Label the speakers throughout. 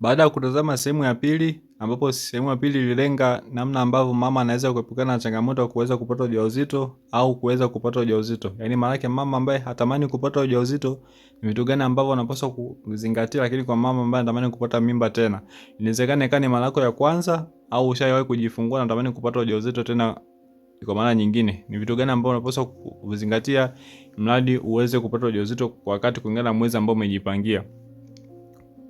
Speaker 1: Baada ya kutazama sehemu ya pili, ambapo sehemu ya pili ililenga namna ambavyo mama anaweza kuepukana na changamoto ya kuweza kupata ujauzito au kuweza kupata ujauzito, yaani maana yake mama ambaye hatamani kupata ujauzito ni vitu gani ambavyo anapaswa kuzingatia. Lakini kwa mama ambaye anatamani kupata mimba tena, inawezekana ikawa ni mara yako ya kwanza au ushawahi kujifungua na unatamani kupata ujauzito tena kwa maana nyingine, ni vitu gani ambavyo unapaswa kuzingatia mradi uweze kupata ujauzito kwa wakati, kulingana na mwezi ambao umejipangia.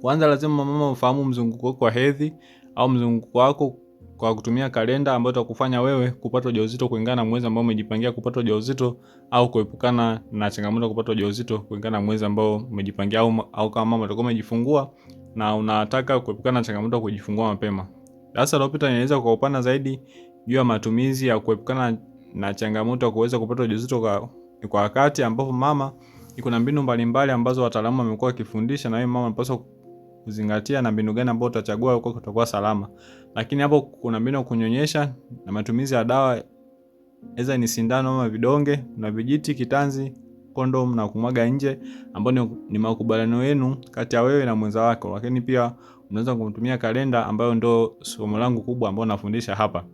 Speaker 1: Kwanza lazima mama ufahamu mzunguko wako wa hedhi au mzunguko wako kwa kutumia kalenda ambayo itakufanya wewe kupata ujauzito kulingana na mwezi ambao umejipangia kupata ujauzito au kuepukana na changamoto kupata ujauzito kulingana na mwezi ambao umejipangia au, au kama mama utakuwa umejifungua na unataka kuepukana na changamoto kujifungua mapema. Darasa lililopita nieleza kwa upana zaidi juu ya matumizi ya kuepukana na changamoto ya kuweza kupata ujauzito kwa kwa wakati ambapo mama, kuna mbinu mbalimbali ambazo wataalamu wamekuwa wakifundisha na wewe mama unapaswa kuzingatia na mbinu gani ambayo utachagua huko kutakuwa salama. Lakini hapo kuna mbinu kunyonyesha na matumizi ya dawa, aidha ni sindano ama vidonge na vijiti, kitanzi, kondom na kumwaga nje, ambayo ni makubaliano yenu kati ya wewe na mwenza wako. Lakini pia unaweza kumtumia kalenda, ambayo ndo somo langu kubwa ambao nafundisha hapa,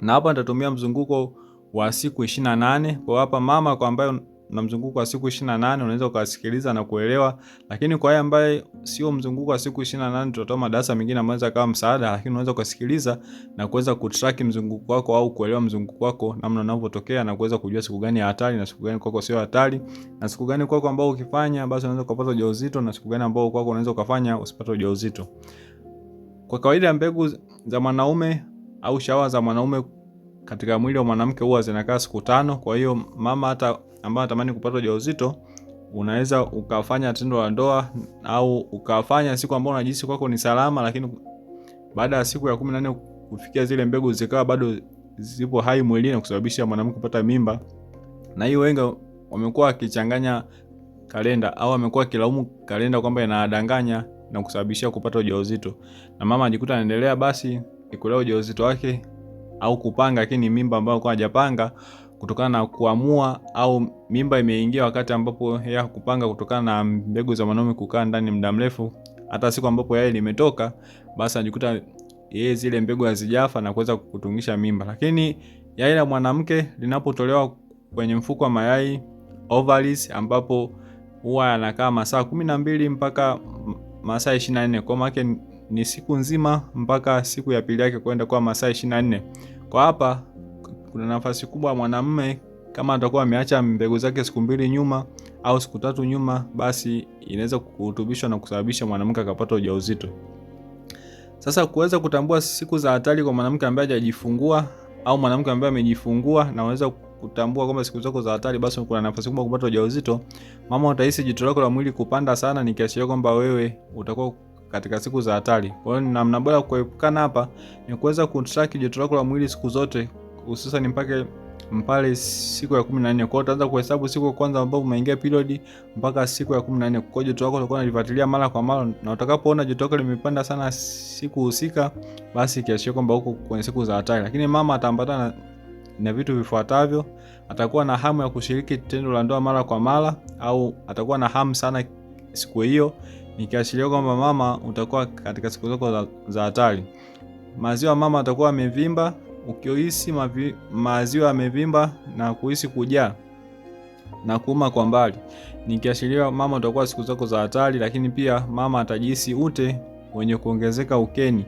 Speaker 1: na hapa nitatumia mzunguko wa siku 28 kwa hapa mama kwa ambayo na mzunguko wa siku 28 unaweza ukasikiliza na kuelewa, lakini kwa yeye ambaye sio mzunguko wa siku 28, tutatoa madarasa mengine ambayo yanaweza kuwa msaada, lakini unaweza ukasikiliza na kuweza kutrack mzunguko wako au kuelewa mzunguko wako namna unavyotokea na kuweza kujua siku gani ya hatari na siku gani kwako sio hatari na siku gani kwako ambao ukifanya basi unaweza kupata ujauzito na siku gani ambao kwako unaweza ukafanya usipate ujauzito. Kwa kawaida mbegu za mwanaume au shawa za mwanaume katika mwili wa mwanamke huwa zinakaa siku tano. Kwa hiyo mama hata ambaye anatamani kupata ujauzito unaweza ukafanya tendo la ndoa au ukafanya siku ambayo unajisi kwako ni salama, lakini baada ya siku ya kumi na nne kufikia zile mbegu zikawa bado zipo hai mwilini na kusababisha mwanamke kupata mimba. Na hiyo wengi wamekuwa wakichanganya kalenda au wamekuwa akilaumu kalenda kwamba inadanganya na kusababishia kupata ujauzito, na mama ajikuta anaendelea basi ikulea ujauzito wake au kupanga lakini mimba ambayo kwa hajapanga kutokana na kuamua au mimba imeingia wakati ambapo yeye hakupanga kutokana na mbegu za mwanaume kukaa ndani muda mrefu. Hata siku ambapo yai limetoka, basi anajikuta yeye zile mbegu hazijafa na kuweza kutungisha mimba. Lakini yai la mwanamke linapotolewa kwenye mfuko wa mayai ovaries, ambapo huwa yanakaa masaa kumi na mbili mpaka masaa ishirini na nne kwa maana ni siku nzima mpaka siku ya pili yake kwenda kwa masaa 24. Kwa hapa kuna nafasi kubwa mwanamume kama atakuwa ameacha mbegu zake siku mbili nyuma au siku tatu nyuma, basi inaweza kuhutubishwa na kusababisha mwanamke akapata ujauzito. Sasa kuweza kutambua siku za hatari kwa mwanamke ambaye hajajifungua au mwanamke ambaye amejifungua na unaweza kutambua kwamba siku zako za hatari, basi kuna nafasi kubwa kupata ujauzito. Mama, utahisi joto lako la mwili kupanda sana, ni nikiashiria kwamba wewe utakuwa katika siku za hatari. Kwa hiyo namna bora kuepukana hapa ni kuweza kutrack joto lako la mwili siku zote, hususan mpaka mpale siku ya 14. Kwa hiyo utaanza kuhesabu siku ya kwanza ambapo umeingia period mpaka siku ya 14. Kwa hiyo joto lako utakuwa unalifuatilia mara kwa mara, na utakapoona joto lako limepanda sana siku husika, basi kiashiria kwamba uko kwenye siku za hatari. Lakini mama ataambatana na vitu vifuatavyo: atakuwa na hamu ya kushiriki tendo la ndoa mara kwa mara, au atakuwa na hamu sana siku hiyo nikiashiria kwamba mama utakuwa katika siku zako za hatari. Maziwa mama atakuwa amevimba. Ukihisi maziwa yamevimba na kuhisi kujaa na kuuma kwa mbali, nikiashiria mama utakuwa siku zako za hatari. Lakini pia mama atajihisi ute wenye kuongezeka ukeni,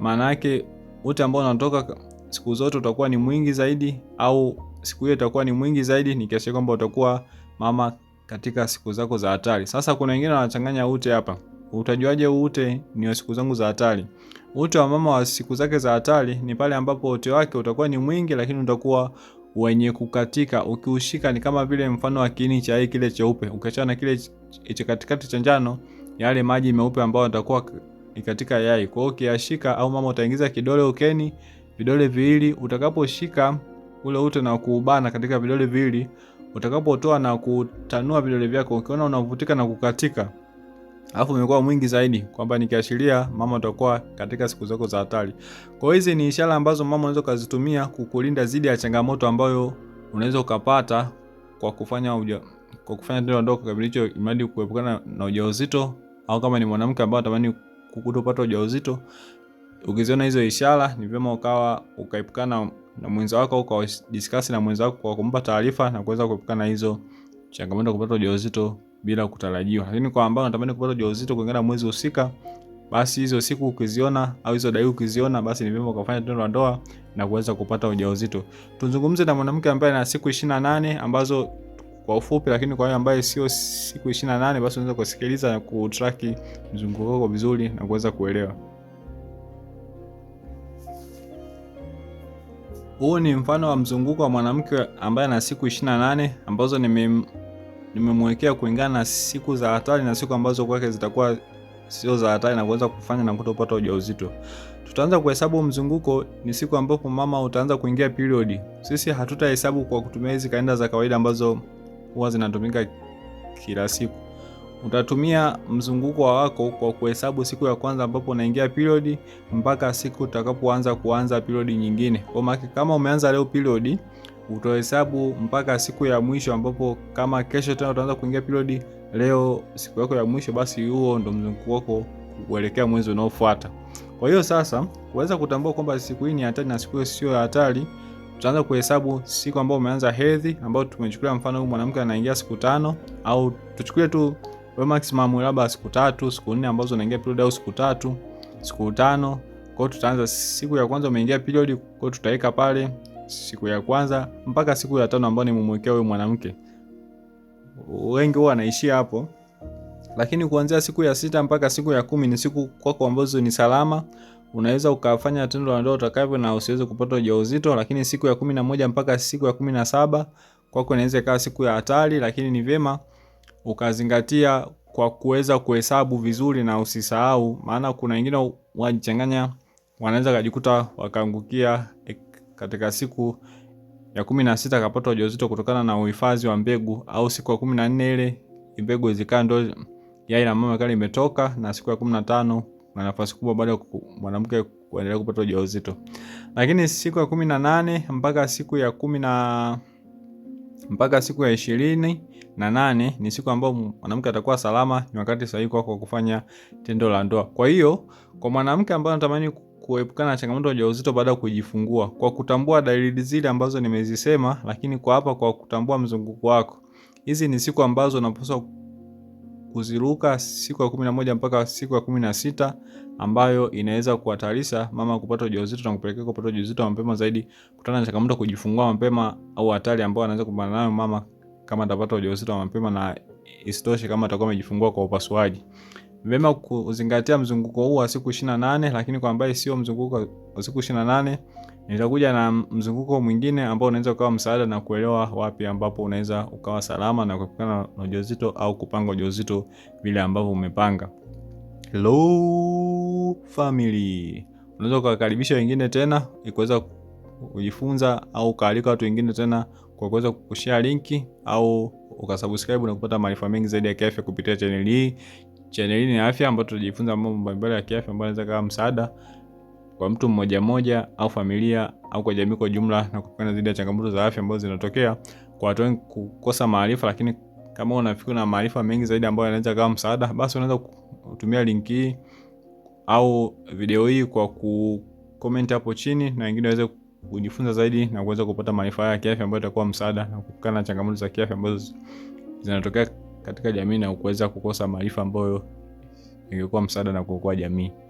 Speaker 1: maana yake ute ambao unatoka siku zote utakuwa ni mwingi zaidi, au siku hiyo itakuwa ni mwingi zaidi, nikiashiria kwamba utakuwa mama katika siku zako za hatari. Sasa kuna wengine wanachanganya ute hapa. Utajuaje ute ni wa siku zangu za hatari? Ute wa mama wa siku zake za hatari ni pale ambapo ute wake utakuwa ni mwingi, lakini utakuwa wenye kukatika. Ukiushika ni kama vile mfano wa kiini cha hii kile cheupe, ukiachana kile cha katikati cha njano, yale maji meupe ambayo yatakuwa katika yai. Kwa hiyo ukiashika au mama utaingiza kidole ukeni, vidole viwili, utakaposhika ule ute na kuubana katika vidole viwili utakapotoa na kutanua vidole vyako, ukiona unavutika na kukatika, alafu umekuwa mwingi zaidi, kwamba nikiashiria mama utakuwa katika siku zako za hatari. Kwa hizi ni ishara ambazo mama unaweza kuzitumia kukulinda dhidi ya changamoto ambayo unaweza ukapata kwa kufanya uja, kwa kufanya tendo la ndoa kipindi hicho, imradi kuepukana na ujauzito au kama ni mwanamke ambaye anatamani kutopata ujauzito ukiziona hizo ishara ni vyema ukawa ukaepukana na mwenza wako, ukadiscuss na mwenza wako kwa kumpa taarifa na kuweza kuepukana hizo changamoto kupata ujauzito bila kutarajiwa. Lakini kwa ambao wanatamani kupata ujauzito kulingana na mwezi husika, basi hizo siku ukiziona au hizo dalili ukiziona, basi ni vyema ukafanya tendo la ndoa na kuweza kupata ujauzito. Tuzungumze na mwanamke ambaye ana siku 28 ambazo kwa ufupi, lakini kwa yeye ambaye sio siku 28, basi unaweza kusikiliza na kutraki mzunguko wako vizuri na kuweza kuelewa. Huu ni mfano wa mzunguko wa mwanamke ambaye ana siku 28 ambazo nimemwekea nime kulingana na siku za hatari na siku ambazo kwake zitakuwa sio za hatari na kuweza kufanya na kutopata ujauzito. Tutaanza kuhesabu mzunguko ni siku ambapo mama utaanza kuingia period. Sisi hatutahesabu kwa kutumia hizi kalenda za kawaida ambazo huwa zinatumika kila siku. Utatumia mzunguko wako kwa kuhesabu siku ya kwanza ambapo unaingia period mpaka siku utakapoanza kuanza period nyingine. Kwa maana kama umeanza leo period, utahesabu mpaka siku ya mwisho ambapo kama kesho tena utaanza kuingia period, leo siku yako ya mwisho, basi huo ndo mzunguko wako kuelekea mwezi unaofuata. Kwa hiyo sasa, kuweza kutambua kwamba siku hii ni hatari na siku sio ya hatari, tutaanza kuhesabu siku ambayo umeanza hedhi, ambayo tumechukulia mfano huyu mwanamke anaingia siku tano, au tuchukulie tu kwa maximum labda siku tatu, siku nne ambazo unaingia period au siku tatu, siku tano. Kwa hiyo tutaanza siku ya kwanza umeingia period, kwa hiyo tutaweka pale siku ya kwanza mpaka siku ya tano ambayo nimemwekea huyo mwanamke. Wengi huwa wanaishia hapo. Lakini kuanzia siku ya sita mpaka siku ya kumi ni siku kwako ambazo ni salama. Unaweza ukafanya tendo la ndoa utakavyo na usiweze kupata ujauzito, lakini siku ya kumi na moja mpaka siku ya kumi na saba kwako inaweza ikawa siku ya hatari, lakini ni vyema ukazingatia kwa kuweza kuhesabu vizuri na usisahau, maana kuna wengine wajichanganya, wanaweza kujikuta wakaangukia e, katika siku ya kumi na sita akapata ujauzito kutokana na uhifadhi wa mbegu, au siku ya kumi na nne ile mbegu zikaa ndo yai la mama kali imetoka, na siku ya kumi na tano na nafasi kubwa bado mwanamke kuendelea kupata ujauzito, lakini siku ya kumi na nane mpaka siku ya kumi na mpaka siku ya ishirini na nane ni siku ambayo mwanamke atakuwa salama, ni wakati sahihi kwako kufanya tendo la ndoa. Kwa hiyo kwa mwanamke ambaye anatamani kuepukana na changamoto ya ujauzito baada ya kujifungua, kwa kutambua dalili zile ambazo nimezisema, lakini kwa hapa, kwa kutambua mzunguko wako, hizi ni siku ambazo unapaswa kuziruka siku ya kumi na moja mpaka siku ya kumi na sita ambayo inaweza kuhatarisha mama kupata ujauzito na kupelekea kupata ujauzito wa mapema zaidi, kutana na changamoto kujifungua mapema au hatari ambayo anaweza kupambana nayo mama kama atapata ujauzito wa mapema na isitoshe, kama atakuwa amejifungua kwa upasuaji. Vema kuzingatia mzunguko huu wa siku 28, lakini kwa ambaye sio mzunguko wa siku 28, nitakuja na mzunguko mwingine ambao unaweza ukawa msaada na kuelewa wapi ambapo unaweza ukawa salama na kuepukana na ujauzito au kupanga ujauzito vile ambavyo umepanga. Hello family. Unaweza kuwakaribisha wengine tena ikuweza kujifunza au ukaalika watu wengine tena kwa kuweza kushare linki au ukasubscribe na kupata maarifa mengi zaidi ya kiafya kupitia chaneli hii chaneli ni afya ambayo tunajifunza mambo mbalimbali ya kiafya ambayo anaweza kama msaada kwa mtu mmoja mmoja au familia au kwa jamii kwa jumla, na kupambana dhidi ya changamoto za afya ambazo zinatokea kwa watu wengi kukosa maarifa. Lakini kama unafikiri na maarifa mengi zaidi ambayo yanaweza kama msaada, basi unaweza kutumia link hii au video hii kwa ku comment hapo chini, na wengine waweze kujifunza zaidi na kuweza kupata maarifa ya kiafya ambayo itakuwa msaada na kukana changamoto za kiafya ambazo zinatokea katika jamii na kuweza kukosa maarifa ambayo ingekuwa msaada na kuokoa jamii.